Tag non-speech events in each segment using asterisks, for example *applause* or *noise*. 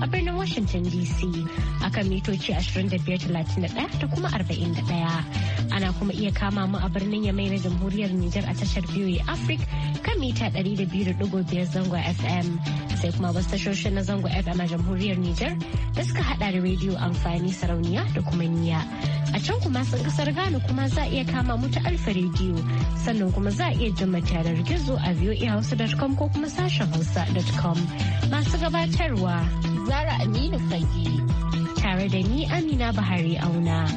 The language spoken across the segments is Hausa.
a birnin Washington DC akan mitoci 2531 da kuma 41. Ana kuma iya kama mu a birnin Yamai na Jamhuriyar Nijar a tashar VOA Africa kan mita 200.5 zango FM. Sai kuma wasu tashoshin na zango FM a Jamhuriyar Nijar da suka hada da rediyo amfani sarauniya da kuma niya. A can kuma sun kasar Ghana kuma za a iya kama mu ta Alfa rediyo sannan kuma za a iya jin matarar gizo a voahausa.com ko kuma sashen hausa.com masu gabatarwa. Zara Aminu Fage tare da ni Amina Bahari Auna.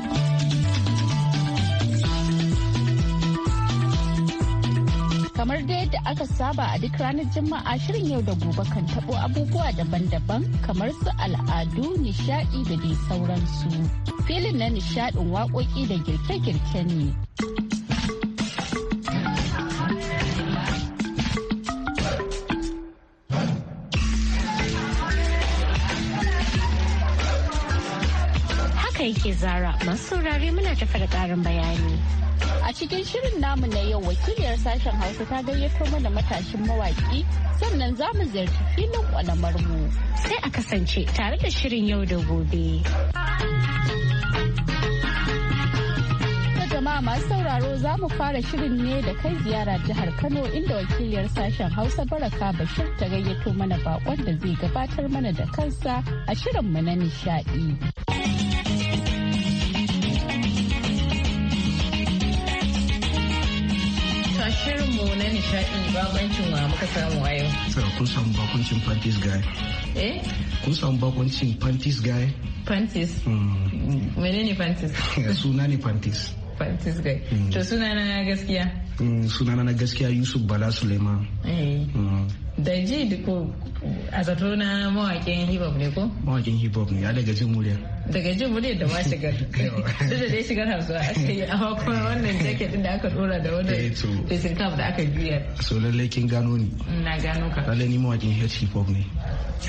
Kamar da yadda aka saba a duk ranar Juma'a shirin yau da gobe kan tabo abubuwa daban-daban kamar su al'adu, nishadi da dai sauransu. Filin na nishadin waƙoƙi da girke-girke ne. haka yake zara masu saurare muna tafa da karin bayani. A cikin shirin namu na yau wakiliyar sashen Hausa ta gayyato mana matashin mawaƙi sannan za mu ziyarci filin kwalamar mu. Sai a kasance tare da shirin yau da gobe. jama'a masu sauraro za mu fara shirin ne da kai ziyara jihar Kano inda wakiliyar sashen Hausa Baraka Bashir ta gayyato mana bakon da zai gabatar mana da kansa a shirin mu na nishadi. mu na nishaɗin bakoncin wa muka samu a yau. Sir, kun samu bakoncin Pantis guy. Eh? Kun samu bakoncin Pantis guy. Pantis? Mm. Mene ne Pantis? *laughs* Suna ne Pantis. Pantis guy. Mm. To suna na gaskiya? Mm, suna na gaskiya Yusuf Bala Suleiman. Eh. Daiji ko a zato na mawaƙin hip hop ne ko? Mawaƙin hip hop ne ya daga jin muryar. Daga jin muryar da ma shigar. *laughs* Duk da dai shigar hausa aka yi a kuma wannan jacket da aka dora da wannan facing eh, cap da aka juya. So lallai kin gano ni. Na gano ka. Lallai ni mawaƙin hip hop ne.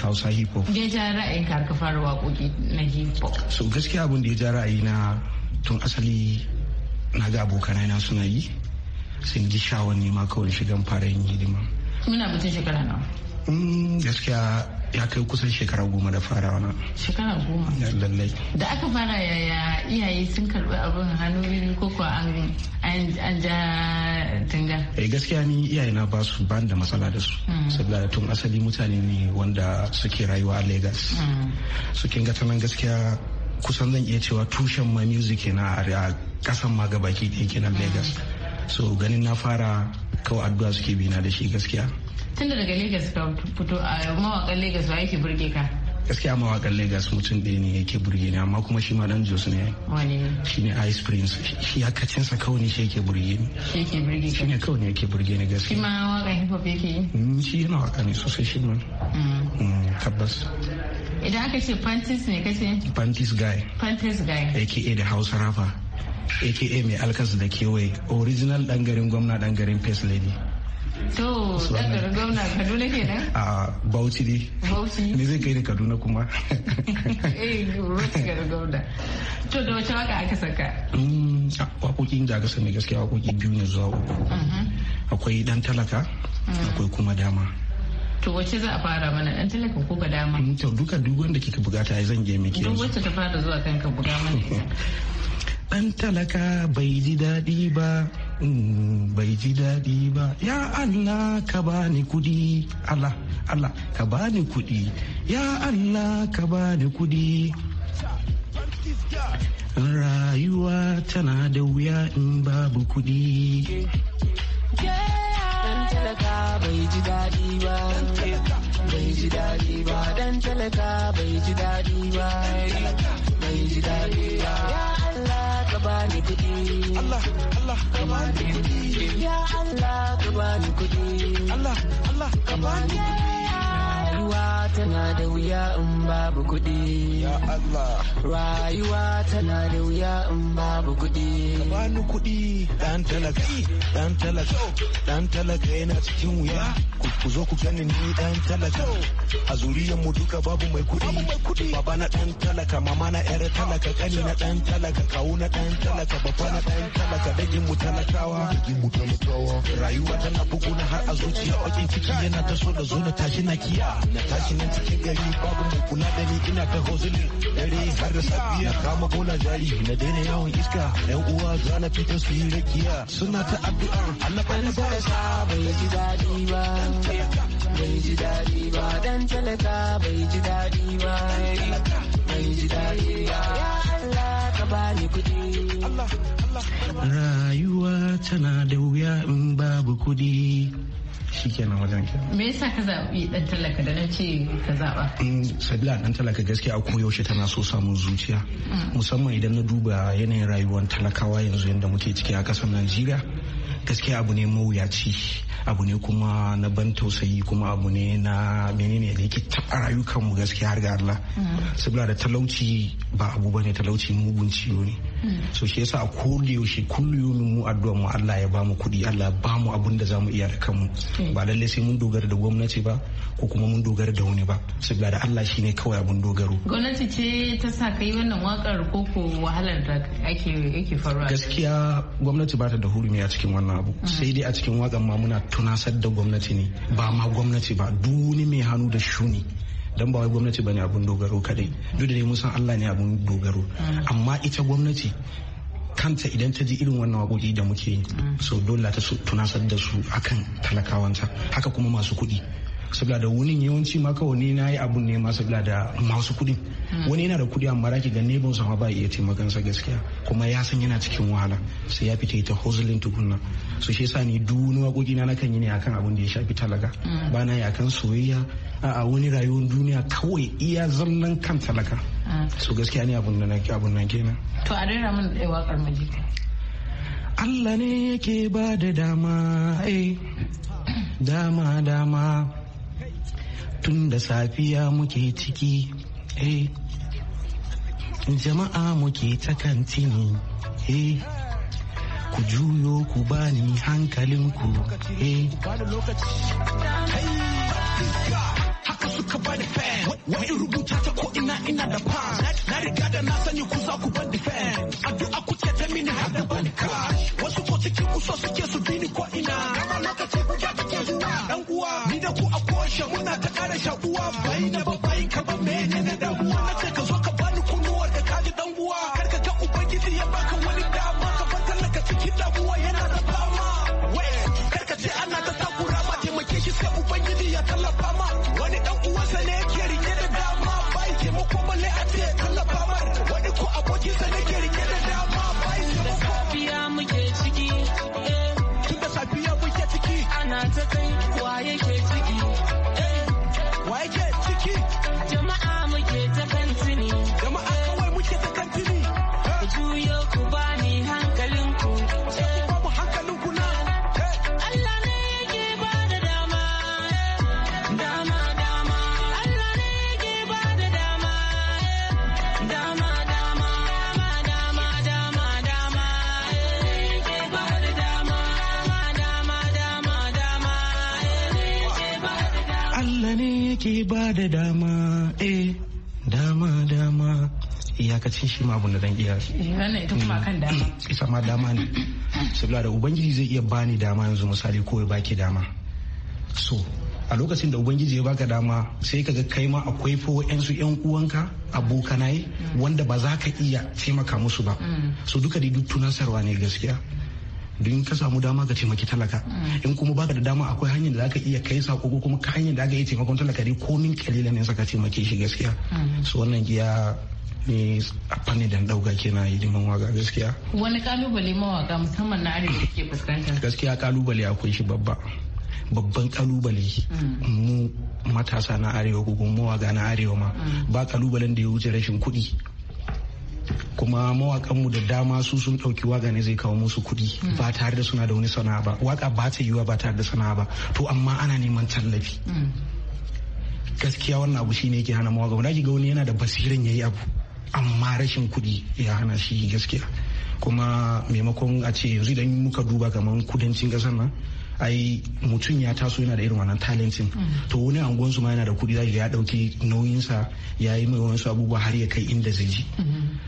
Hausa hip hop. Ya ja ra'ayin ka ka fara waƙoƙi na hip hop. So gaskiya abin da ya ja ra'ayi na tun asali na ga abokanai na suna yi. Sun ji shawar nema kawai shigan fara yin hidima. muna bikin shekara nawa mm, gaskiya ya kai kusan shekara goma da fara wana. shekara goma lallai da aka fara yaya iyaye sun karbi abin hannu biyu ko ko an an ja tunga eh gaskiya ni iyaye na ba su ban da matsala da su mm. saboda tun asali mutane ne wanda suke rayuwa a Lagos mm. su kin ga nan gaskiya kusan zan iya cewa tushen ma music na a kasan ma gabaki ɗaya kenan Lagos so ganin na fara kawai addu'a suke bina da shi gaskiya tun da daga lagos ka fito a mawakan lagos ba yake burge ka gaskiya mawakan lagos mutum ɗaya ne yake burge ni amma kuma shi ma dan jos ne shi ne ice prince shi hakacinsa kawai ne shi yake burge ni shi ne kawai ne yake burge ni gaskiya shi ma wakan hip hop yake yi mm, shi yana waka ne sosai shi ma mm. Mm, tabbas idan aka ce pantis ne kace pantis guy pantis guy aka da hausa rafa aka mai alkas da kewaye original dan garin gwamna dan garin first lady to dan garin gwamna kaduna ke a bauchi ne bauchi *laughs* ne zai kai ni kaduna kuma *laughs* eh ga gwamna to da wace waka aka saka mm, wakokin da aka sani gaskiya wakoki biyu ne zuwa uku mm-hmm. akwai dan talaka mm. akwai kuma dama to wace za a fara mana dan talaka ko ga dama mm, to duka duk wanda kika bugata zan je miki duk wacce ta fara zuwa kanka buga mana *laughs* ɗan talaka bai ji daɗi ba mm, bai ji daɗi ba ya Allah ka bani kudi Allah Allah ka bani kudi ya Allah ka bani kudi rayuwa tana da wuya in babu kudi talaka bai ji daɗi ba bai ji daɗi ba dan talaka bai ji daɗi ba bai ji daɗi ba ya Allah ka bani kuɗi Allah Allah ka bani kuɗi ya Allah ka bani kuɗi Allah Allah ka bani kuɗi Rayuwa tana da wuya in babu kuɗi. Ya Allah. Rayuwa tana da wuya in babu kuɗi. bani kuɗi ɗan talaka, ɗan talaka, ɗan talaka yana cikin wuya. Ku zo ku gani ni ɗan talaka. A zuriyar mu duka babu mai kuɗi. Baba na ɗan talaka, mama na yar talaka, kani na ɗan talaka, kawu na ɗan talaka, baba na ɗan talaka, dagin mu talakawa. Dagin mu talakawa. Rayuwa tana buguna har a zuciya, bakin ciki yana taso so da zo na tashi na kiya. na tashi nan cikin gari babu mai kula da ni ina ta hozulin dare har da safiya kama bola jari na daina yawon iska yan uwa za na fita su yi rakiya suna ta addu'a Allah ba ba sa bai ji dadi ba bai ji dadi ba dan talaka bai ji dadi ba bai ji dadi ba Allah bani kuɗi rayuwa tana da wuya in babu kuɗi shi kenan wajen kenan. Me yasa ka zaɓi ɗan talaka da na ce ka zaɓa? Sabila ɗan talaka gaskiya a koyaushe tana so samun zuciya. Mm. Musamman idan na duba yanayin rayuwar talakawa yanzu yadda muke ciki a ƙasar Najeriya. gaskiya abu ne mawuyaci abu ne kuma na ban tausayi kuma abu ne na menene da yake taɓa rayukanmu gaskiya har ga Allah mm. saboda da talauci ba abu bane talauci mugun ciwo ne mm. so shi yasa a koda yaushe kullumin mu addu'ar mu Allah ya bamu kuɗi Allah ya bamu abun da zamu iya da kanmu ba lalle sai mun dogara da gwamnati ba ko kuma mun dogara da wani ba saboda da Allah shine kawai abun dogaro gwamnati ce ta sa kai wannan wakar ko ko wahalar da ake yake faruwa gaskiya gwamnati ba ta da hurumi a cikin wannan abu sai dai a cikin wakan ma muna tunasar da gwamnati ne ba ma gwamnati ba duni mai hannu da shuni don ba wai gwamnati bane abun dogaro kadai duk da dai mun san Allah ne abun dogaro mm. amma ita gwamnati kanta idan ta ji irin wannan waƙoƙi da muke yi mm. so dole ta tunasar da su akan talakawanta haka kuma masu kuɗi saboda da wani yawanci ma kawai ni na yi abu ne ma saboda da masu kuɗi hmm. wani yana da kuɗi amma raki ga nebon sa ma ba iya taimakon sa gaskiya kuma ya san yana cikin wahala sai ya fita ita hozulin tukunna so shi yasa ni duk wani waƙoƙi na nakan yi ne akan abun da ya shafi talaka hmm. ba na yi akan soyayya a wani rayuwar duniya kawai iya zallan kan talaka hmm. so gaskiya ne abun da na abun nan kenan to a rera mun da waƙar Allah ne yake ba da dama eh dama dama tun da safiya muke ciki eh jama'a muke ta kantini eh ku juyo ku bani hankalinku eh haka suka bani fan wani rubuta ta ko ina ina da fan na riga da na sanya ku za ku bani fan addu'a ku ce ta mini har da bani cash wasu ko cikin ku so suke su bini ko ina kama lokaci ku ja take zuwa dan uwa ni da ku yaushe muna ta kara shakuwa bai da babai kaban mene na da waye ke ciki waye ke ciki jama'a muke ta kan ke ba da dama eh dama dama iyakacin shi ma abu na zan iya eh, wannan dama mm. ma dama ne saboda da ubangiji zai iya bani dama yanzu misali ko ya baki dama so a lokacin da ubangiji ya baka dama sai ka ga kai ma akwai fo yansu yan uwanka abokanaye mm. wanda ba za ka iya taimaka musu ba mm. so duka da duk tunasarwa ne gaskiya don ka samu dama ka taimaki talaka mm. in kuma baka da dama akwai hanyar da zaka iya kai sako ko kuma hanyar da aka iya taimakon talaka dai min kalilan ne saka taimaki shi gaskiya mm. so wannan giya ne a fanni da dauka kenan hidiman waka gaskiya wani kalubale mawaka musamman na arewa da ke fuskanta gaskiya kalubale akwai shi babba babban kalubale mm. mu matasa na arewa ko kuma mawaka na arewa ma ba kalubalen da ya wuce rashin kuɗi kuma mawakanmu da dama su sun ɗauki waka ne zai kawo musu kuɗi hmm. ba tare da suna da wani sana'a ba waka ba ta yiwuwa ba tare da sana'a ba to amma ana neman tallafi hmm. gaskiya wannan abu shine yake hana mawaka wanda ga wani yana da basirin yi abu amma rashin kuɗi ya hana shi gaskiya kuma maimakon a ce yanzu idan muka duba kamar kudancin ƙasar nan ai mutum ya taso yana da irin wannan talentin to wani angon su ma yana da kuɗi zai ya ɗauki sa ya yi mai wasu abubuwa har ya kai inda zai ji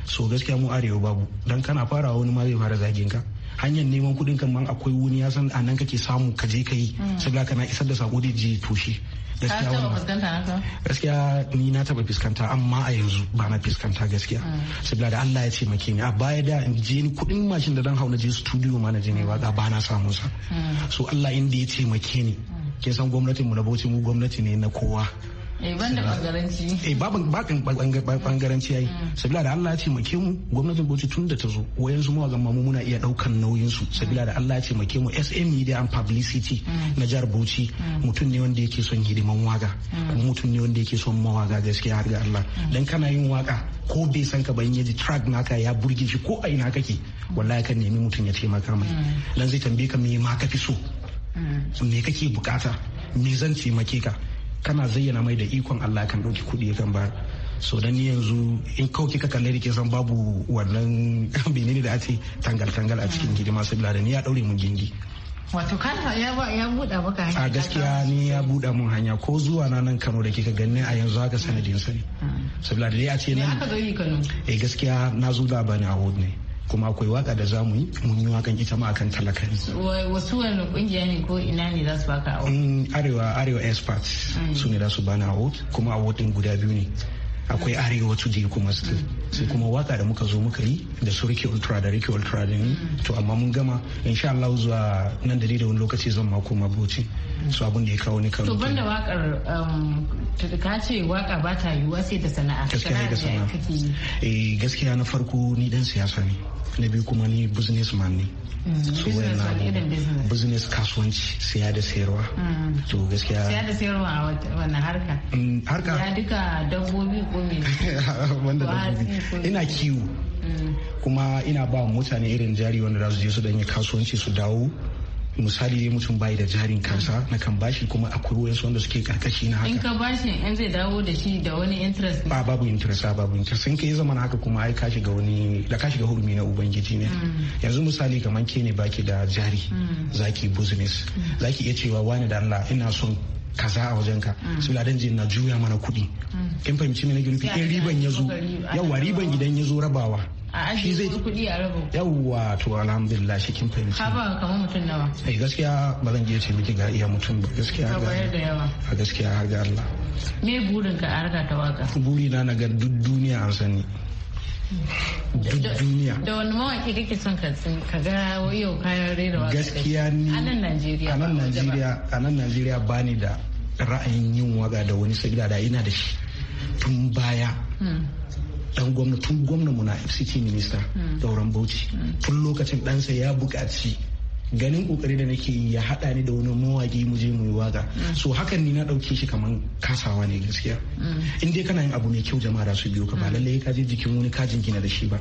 so gaskiya mu arewa babu dan kana farawa wani ma zai fara zagin ka hanyar neman kuɗin kan akwai wani ya san a nan kake samu ka je ka yi mm. saboda kana isar da sako da je toshe gaskiya ni na taba fuskanta amma a yanzu ba na fuskanta gaskiya ah. saboda da Allah ya ce maki ni a baya da in je ni kudin mashin da dan hau na je studio ma na je ne waka ba na samun sa ah. so Allah inda ya ce maki ni ah. kin san gwamnatin mu na Bauchi mu gwamnati ne na kowa Eh, ban da bangaranci eh babin bangaranci yayi mm. sabila da Allah ya ce make mu gwamnatin Bauchi tun da ta zo wayan su mawa gamma mu muna iya daukan nauyin su mm. sabila da Allah ya ce make mu SM Media and Publicity mm. na jihar Bauchi mutum ne wanda yake son hidiman waka kuma mutum ne wanda yake son mawaga gaskiya har ga Allah dan kana yin waka ko bai san ka ba in yaji track naka ya burge shi ko a ina kake wallahi kan nemi mutum ya maka mai dan zai tambaye ka me ma ka fi so me kake bukata me zan taimake ka kana zayyana mai da ikon Allah kan ɗauki kuɗi kan ba so dan yanzu in kawo kika kalle ke san babu wannan binini *laughs* da ake tangal tangal a cikin gidi masu bila da ni ya daure mun gindi wato kan ya ya buɗa maka hanya a gaskiya ni ya buɗa mun hanya ko zuwa na nan Kano da kika ganni a yanzu haka sanadin sani ah. sabila da ya ce nan Kano eh gaskiya na zo da bani a ne kuma akwai waka da za mu yi mun yi wakan ita ma akan talaka wasu wani kungiya ne ko ina ne za su baka award mm, arewa arewa experts mm. su ne za su bani award kuma award din guda biyu ne akwai arewa today kuma still mm. sai kuma waka da muka zo muka yi da su Ricky Ultra da Ricky Ultra din to amma mun gama insha Allah zuwa nan da da wani lokaci zan ma koma Bauchi so abun da ya kawo ni kan to banda wakar um, ka ce waka ba ta yiwuwa sai da sana'a gaskiya da sana'a eh gaskiya na farko ni dan siyasa ne na biyu kuma ni businessman ne mm, so wannan business kasuwanci siya da sayarwa mm. to gaskiya siya da sayarwa a wannan harka mm, harka ya duka dabbobi ko me wanda *laughs* dabbobi ina kiwo mm. kuma ina ba mutane irin jari wanda za su je su danyi kasuwanci su dawo misali dai mutum bayi da jarin kansa mm. na kan bashi kuma akwai wayansu wanda suke karkashi na haka in ka bashi in zai dawo da shi da wani interest ba babu interest ba babu interest in ka yi na haka kuma ai ka shiga wani da ka shiga hurumi na ubangiji ne mm. yanzu misali kamar ke ne baki da jari zaki business zaki iya cewa wani da Allah ina son kaza a wajen ka mm. su ladan jin na juya mana kuɗi mm. kin fahimci me ke nufi in riban ya zo yawa riban idan ya zo rabawa shi zai kuɗi a rabo yawa to alhamdulillah shi kin fahimci ka ba kamar mutum nawa eh gaskiya ba zan je ce miki ga iya mutum ba gaskiya ga a gaskiya har ga Allah me burin ka a harka ta waka burina na ga duk duniya an sani duk duniya da wani mawaki kake son ka ga yau kayan rera wasu gaskiya ni a nan najeriya a nan najeriya a nan najeriya ba ni da ra'ayin yin waka da wani sabida da ina da shi tun baya dan hmm. gwamna tun gwamna muna city Minista. Hmm. dauran bauchi hmm. tun lokacin ɗansa ya buƙaci ganin kokari da nake yi ya hada ni da wani mawaki mu je mu yi waka so hakan ni na dauke shi kaman kasawa ne gaskiya in dai kana yin abu mai kyau jama'a su biyo ka ba lallai ka je jikin wani ka jingina da shi ba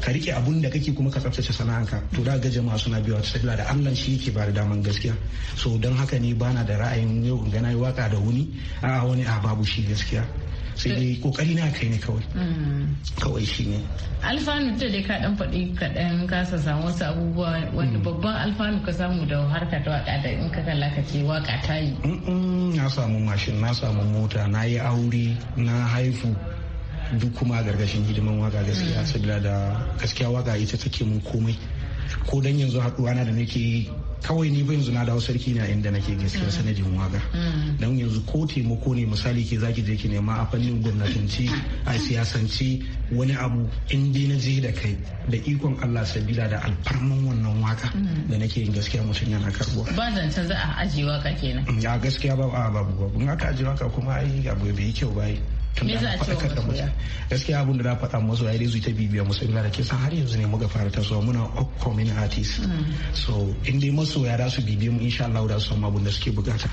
ka rike abun da kake kuma ka tsaftace ka. to da ga jama'a suna biyo ta sabila da Allah shi yake ba da daman gaskiya so don haka ni bana da ra'ayin yau gana yi waka da wani A'a wani a babu shi gaskiya sai dai kokari na kai ne kawai mm. kawai shi ne alfanu da dai ka dan faɗi kaɗan ka samu wasu abubuwa wanda mm. babban alfanu ka samu da harka ta waka da in ka kalla ka ce waka ta yi na samu mashin na samu mota na yi aure na haifu duk kuma gargashin hidiman waka gaskiya mm. sabila da gaskiya waka ita take mun komai ko dan yanzu haɗuwa na da nake yi kawai ni ba yanzu na dawo sarki na inda nake gaskiya sanadin waka mm. don yanzu ko taimako ne misali ke zaki je ki nema a fannin gwamnatanci a siyasanci wani abu in dai na je da kai da ikon Allah sabila da alfarman wannan waka mm. da nake yin gaskiya mutum yana karbuwa ba zancen za a ajiye waka kenan ya mm, gaskiya ba a babu babu in aka ajiye waka kuma ai abu bai kyau ba tun da da mutum gaskiya abin da na faɗa musu ya dai ta bibiya musu ina da kisan har yanzu ne muka fara tasowa muna all community artist hmm. so in dai masoya da su bibiya mu insha Allah da su samu abin da suke bukata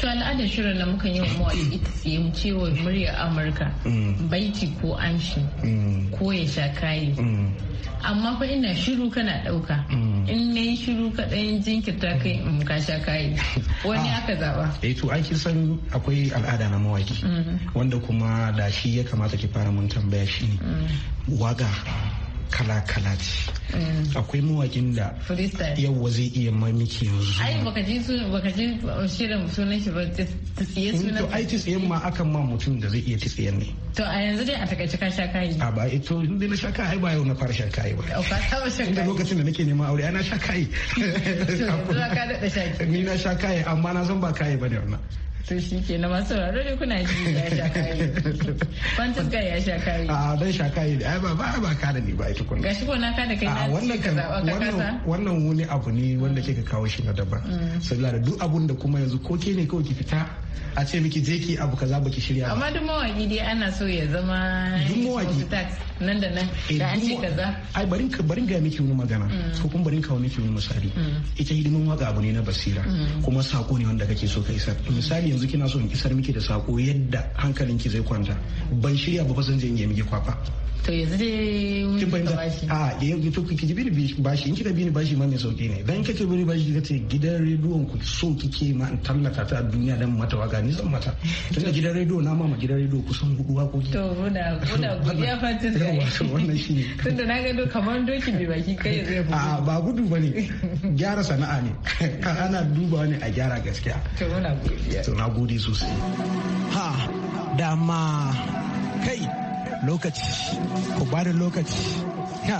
to al'adar shirin da muka yi wa mawaƙi ita tsaye mu ce wa muryar amurka mm. baiti ko amshi mm. ko ya sha kayi mm. amma fa ina shiru kana ɗauka in na yi shiru kaɗan jinkirta kai in ka sha kayi *laughs* wani aka zaɓa eh to an san akwai al'ada na mawaƙi wanda kuma da shi ya kamata ki fara mun tambaya shi ne waga kala-kala ce mm. akwai mawakin da yawwa zai iya mamiki yanzu ai baka ji baka ji shirin sunan shi ba tsiye eh, sunan to ai tsiyen ma akan ma mutum da zai iya tsiyen ne to a yanzu dai a takaice ka sha kai a ba eh, to inda na sha kai ba yau na fara sha kai ba ka saba sha kai inda lokacin da nake neman aure ana sha kai *laughs* to yanzu ka dada sha kai *laughs* ni na sha kai amma na san ba kai bane wannan to shi ke na masu sauraro kuna ji ya sha kayi ya sha kayi a dan sha kayi ai ba ba ba ka da ni ba ita kun gashi ko na ka da kai na wannan kan wannan wannan wani abu ne wanda kika kawo shi na daban mm. saboda duk abun da kuma yanzu ko ke ne kawai ki fita a ce miki je ki abu kaza baki shirya amma duk mawaki dai ana so ya zama duk mawaki nan da nan eh, da an ce kaza ai barin ka barin ga miki wani magana mm. ko kuma barin ka wani miki wani misali mm. ita hidimin waka abu ne na basira kuma sako ne wanda kake so ka isar misali yanzu kina so in kisar miki da sako yadda hankalinki zai kwanta ban shirya ba zan je yi miki kwafa to yanzu dai mun fahimta bashi a ah, yanzu to kike bi bashi in kika bi ni bashi ma mai sauki ne dan kake bi bashi kika ce gidan rediyon ku so kike ma in tallata ta duniya dan mata waga ni zan mata *laughs* da gidan rediyo na mama gidan rediyo kusan hudu ko ki to muna muna *laughs* godiya fatin da wannan *laughs* tun da na ga kamar doki bi baki kai zai a ah, ba gudu bane gyara sana'a ne ana duba ne a gyara gaskiya to muna godiya na gode sosai ha dama kai lokaci ku ba da lokaci ha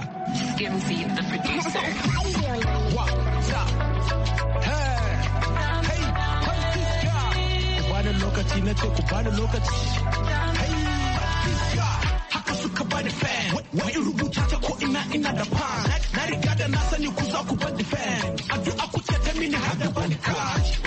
lokaci na ce ku bani lokaci haka suka fan wai rubuta ta ko ina ina da fan na riga da na sani ku za ku bada fan addu'a ku ta mini har da cash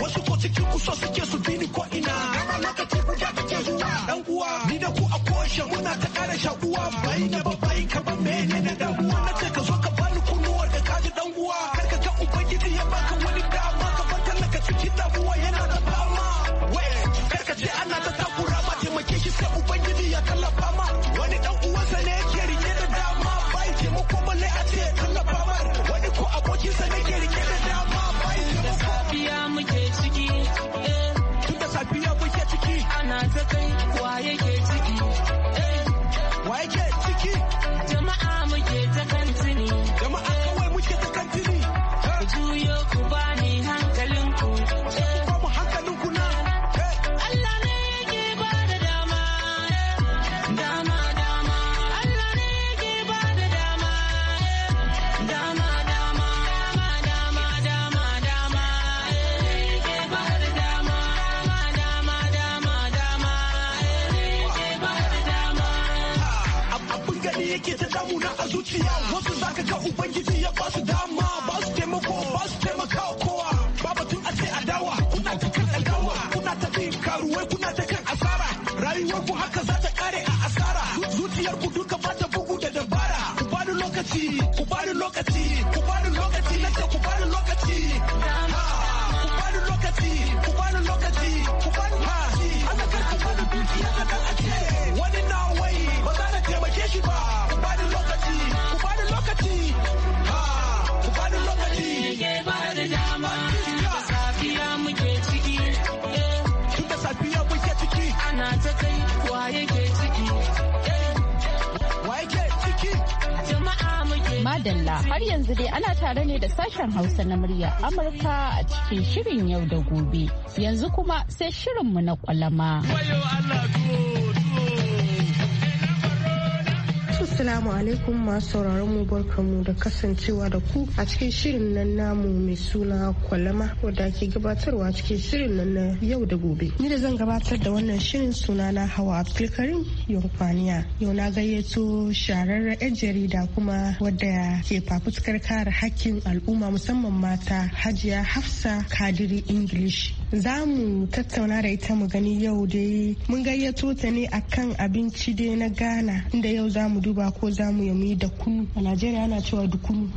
zuciya wasu zaka ga ubangiji dalla har yanzu dai ana tare ne da sashen hausa na murya amurka a cikin shirin yau da gobe yanzu kuma sai shirinmu na kwalama. Assalamu alaikum masu sauraron mu barkamu da kasancewa da ku a cikin shirin nan namu mai suna kwalama wadda ke gabatarwa cikin shirin nan na yau da gobe. Ni da zan gabatar da wannan shirin suna na hawa Abdulkarim Yankwaniya. Yau na gayyato shararra 'yan jarida kuma wadda ke fafutukar kare hakkin al'umma musamman mata Hajiya Hafsa Kadiri English. Za mu tattauna da ita mu gani yau dai mun gayyato ta ne akan abinci dai na Ghana inda yau za mu duba ko za ya muyi da kunu a najeriya ana cewa da kunu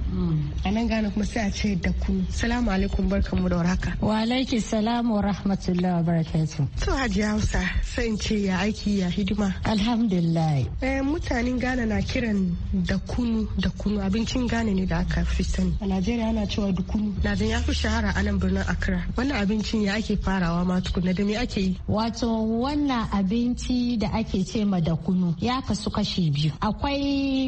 a nan gane kuma sai a ce da kunu salamu alaikum mu da waraka wa alaiki salamu wa rahmatullahi wa barakatu to hajiya hausa sai in ce ya aiki ya hidima alhamdulillah eh mutanen ghana na kiran da kunu da kunu abincin ghana ne da aka fi sani a najeriya ana cewa da kunu na ya fi shahara a nan birnin accra wannan abincin ya ake farawa ma tukunna da me ake yi wato wannan abinci da ake ce ma da kunu ya kasu kashi biyu akwai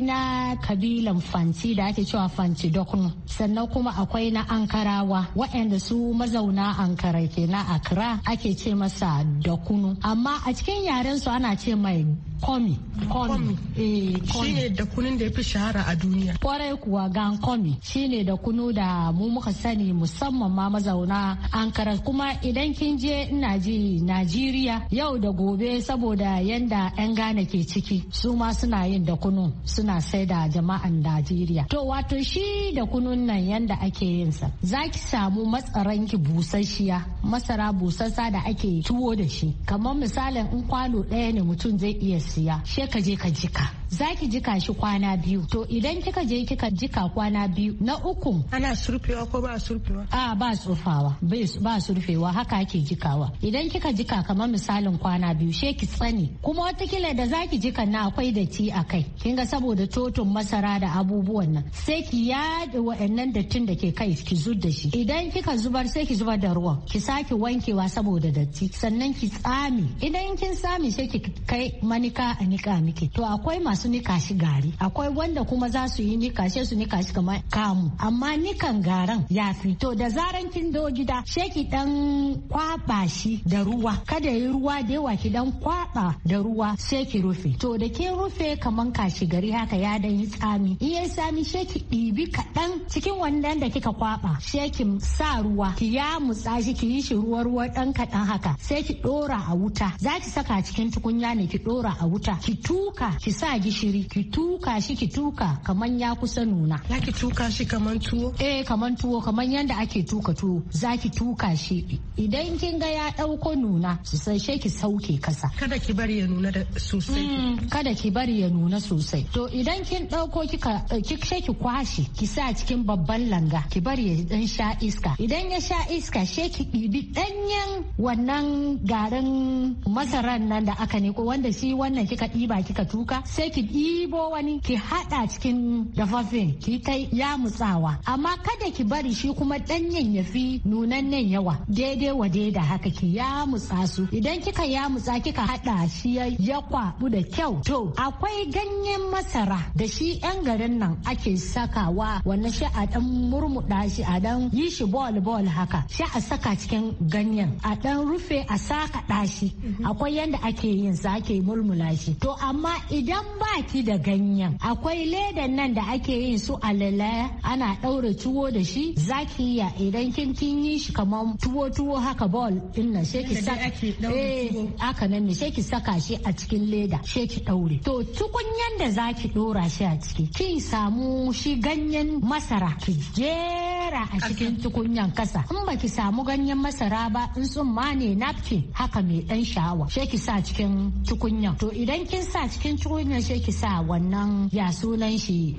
na kabilan fanti da ake cewa fanci dokno sannan kuma akwai na ankarawa waɗanda su mazauna ankara ke na akra ake ce masa dokunu amma a cikin yaren su ana ce mai komi komi eh, shine da da ya fi shahara a duniya kwarai kuwa gan komi shine da kunu da mu muka sani musamman ma mazauna ankara kuma idan kin je ina ji najeriya yau da gobe saboda yanda yan gane ke ciki su ma suna yin da kunu kunu suna sai da jama'an Najeriya. To wato shi da kunun nan yanda ake yin sa. Za ki samu matsaran ki busasshiya, masara busassa da ake tuwo da shi. Kamar misalin in kwano ɗaya ne mutum zai iya siya, she ka je ka jika. zaki jika shi kwana biyu to idan kika je kika jika kwana biyu na uku ana surfewa ko ba surfewa a ba surfawa ba surfewa haka ake jikawa idan kika jika kamar misalin kwana biyu she ki tsani kuma watakila da zaki jika na akwai datti a kai kin ga saboda totun masara da abubuwan nan sai ki yaɗa wa'annan dattin da ke kai ki zub da shi idan kika zubar sai ki zubar da ruwan ki sake wankewa saboda datti sannan ki tsami idan kin tsami sai ki kai manika a nika miki to akwai masu masu nika shi gari akwai wanda kuma za su yi nika shi su nika shi kamar kamu amma nikan garan ya fi to da zaran kin do gida sheki dan kwaba shi da ruwa kada yi ruwa da yawa ki dan kwaba da ruwa sai ki rufe to da ke rufe kamar kashi gari haka ya dan yi tsami in yayi tsami sheki ɗibi kaɗan cikin wannan da kika kwaba sheki sa ruwa ki ya mutsa shi ki yi shi ruwa ruwa dan kaɗan haka sai ki ɗora a wuta za ki saka cikin tukunya ne ki ɗora a wuta ki tuka ki sa gishiri ki tuka shi ki tuka kaman ya kusa nuna za ki tuka shi kaman tuwo eh kaman tuwo kaman yanda ake tuka tuwo za ki tuka shi idan kin ga ya dauko nuna sosai sai ki sauke kasa kada ki bari ya nuna da sosai mm, kada ki bari ya nuna sosai to idan kin dauko kika eh, ki sai ki kwashi ki sa cikin babban langa ki bari ya dan sha iska idan ya sha iska she ki ɗibi danyen wannan garin masaran nan da aka ne ko wanda shi wannan kika ɗiba kika tuka sai ki ki ɗibo wani ki haɗa cikin dafaffen ki ta yamutsawa amma kada ki bari shi kuma ɗanyen ya fi nunannen yawa daidai wa da haka ki yamutsa su idan kika yamutsa kika haɗa shi ya kwaɓu da kyau to akwai ganyen masara da shi 'yan garin nan ake sakawa wannan shi a ɗan murmuɗa shi a ɗan yi shi bol bol haka shi a saka cikin ganyen a ɗan rufe a saka shi mhm. akwai yanda ake yin sa ake murmula shi to amma idan ba da ganyen akwai ledan nan da ake yin su alala ana ɗaure tuwo da shi zaki iya idan kin kin yi shi kamar tuwo tuwo haka ball din nan sheki saka eh Aka nan ne sheki saka shi a cikin leda sheki ɗaure to tukunyan da zaki ɗora shi a ciki kin samu shi ganyen masara ki jera a cikin tukunyan kasa in baki samu ganyen masara ba in sun ma ne napkin haka mai ɗan sha'awa sheki sa cikin tukunyan to idan kin sa cikin tukunyan sai ki sa wannan ya sunan shi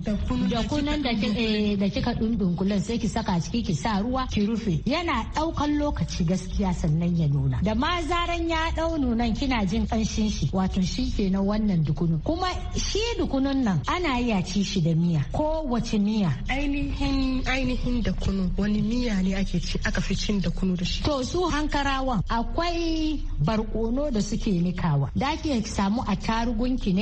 da kunan da kika dundunkulan eh, sai ki saka ciki ki sa ruwa ki rufe yana daukan lokaci gaskiya sannan ya nuna da ma zaran ya dau nunan kina jin kanshin shi wato shi kenan wannan dukunu kuma shi dukunun nan ana iya ci shi da miya ko wace miya ainihin ainihin da kunu wani miya ne ake ci aka fi cin da kunu da shi to su hankarawan akwai barkono da suke nikawa da ke samu a tarugunki ne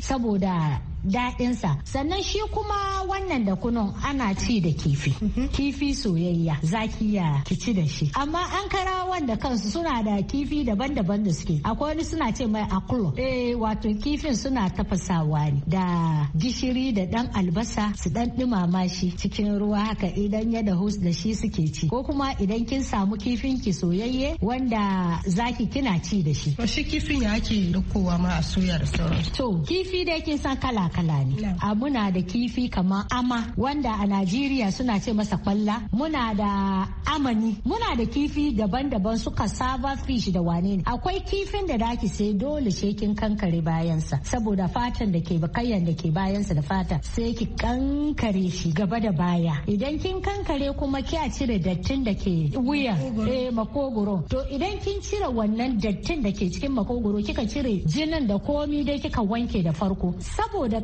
saboda daɗinsa sannan shi kuma wannan da kunun ana ci da kifi mhm. kifi soyayya zaki ya kici da shi amma an kara wanda kansu suna da kifi daban-daban da suke akwai wani suna ce mai akulo eh wato kifin suna tafasawa ne da gishiri da dan albasa su dan dumama shi cikin ruwa haka idan ya da da shi suke ci ko kuma idan kin samu kifin ki soyayye wanda zaki kina ci da shi to shi kifin ya ake dakowa ma a soya sauran to kifi da kin san kala kala-kala ne. A muna da kifi kamar ama wanda a Najeriya suna ce masa kwalla. Muna da amani. Muna da kifi daban-daban su saba fish da wane ne. Akwai kifin da daki sai dole ce kin kankare bayansa. Saboda fatan da ke bakayyan da ke bayansa da fata sai ki kankare shi gaba da baya. Idan kin kankare kuma kya cire dattin da ke wuya eh makogoro. To idan kin cire wannan dattin da ke cikin makogoro kika cire jinin da komi dai kika wanke da farko. Saboda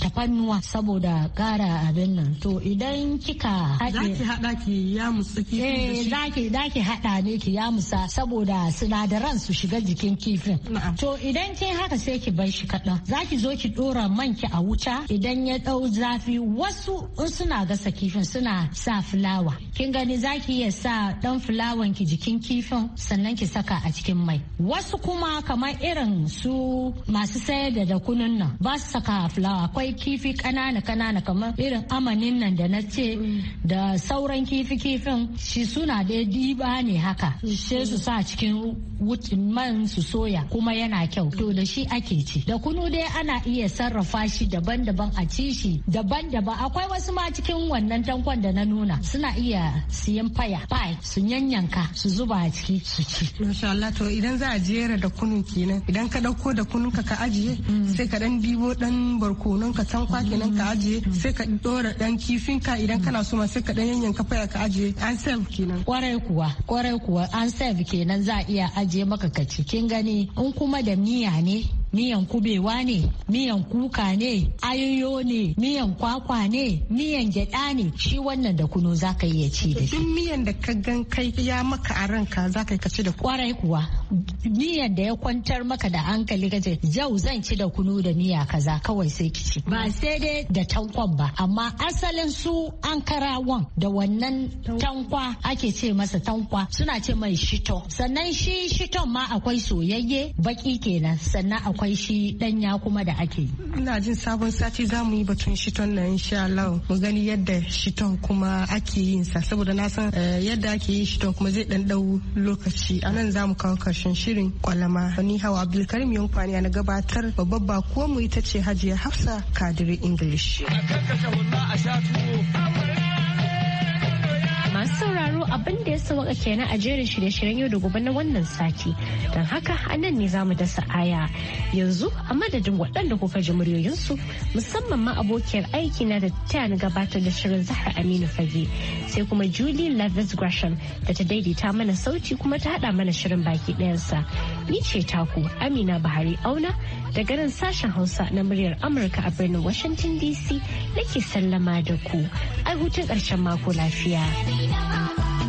ta fannuwa saboda kara abin nan to idan kika haɗe zaki haɗa ki ya musu kifin eh zaki zaki haɗa ne ki ya musa saboda sinadaran su shiga jikin kifin to idan kin haka sai ki bar shi kaɗan zaki zo ki ɗora man ki a wuta idan ya ɗau zafi wasu in suna gasa kifin suna sa fulawa kin gani zaki iya sa ɗan fulawan ki jikin kifin sannan ki saka a cikin mai wasu kuma kamar irin su masu sayar da dakunan nan ba su saka fulawa akwai kifi kanana kanana kamar irin amanin nan da na ce da sauran kifi kifin shi suna da diba ne haka sai su sa cikin wutin man su soya kuma yana kyau to da shi ake ci da kunu dai ana iya sarrafa shi daban-daban a ci shi daban-daban akwai wasu ma cikin wannan tankon da na nuna suna iya siyan faya pie su yanyanka su zuba a ciki su ci masha Allah to idan za a jera da kunu kenan idan ka dauko da kunun ka ka ajiye mm. sai ka dan dibo dan nan ka tankwa kenan ka ajiye sai ka dora dan kifin ka idan kana so ma sai ka dan yanyanka faya ka ajiye. an serve kenan kwarai kuwa kwarai kuwa an serve kenan za a iya ajiye maka ka cikin gani in kuma da miya ne miyan kubewa ne miyan kuka ne ayoyo ne miyan kwakwa ne miyan gyada ne shi wannan da kuno zaka iya ci da shi duk miyan da ka gan kai ya maka a ranka zaka ka ci da kwarai kuwa miyan da ya kwantar maka da hankali ka ce yau zan ci da kunu da miya kaza kawai sai ki ci ba sai dai da tankwan ba amma asalin su an karawan da wannan tankwa ake ce masa tankwa suna ce mai shito sannan shi shiton ma akwai soyayye baki kenan sannan akwai akwai shi danya kuma da ake ina jin sabon sati za mu yi batun shiton na insha Allah mu gani yadda shiton kuma ake yin sa saboda na san eh, yadda ake yin shiton kuma zai dan dau lokaci nan za mu kawo karshen shirin kwalama ni hawa abdulkarim yankwani na gabatar babbar ba ko mu ita ce hajiya hafsa kadiri english Masu sauraro abin da ya sawaka kenan a jerin shirye-shiryen yau da gobe na wannan sati. Don haka a nan ne zamu dasa aya. Yanzu a madadin waɗanda kuka ji muryoyinsu musamman ma abokiyar aiki na da ta gabatar da shirin Zahra Aminu Fage. Sai kuma Julie Lavis Gresham da ta daidaita mana sauti kuma ta haɗa mana shirin baki ɗayansa. Ni ce taku Amina Buhari Auna daga nan sashen Hausa na muryar Amurka a birnin Washington DC nake sallama da ku. Ai hutun ƙarshen mako lafiya.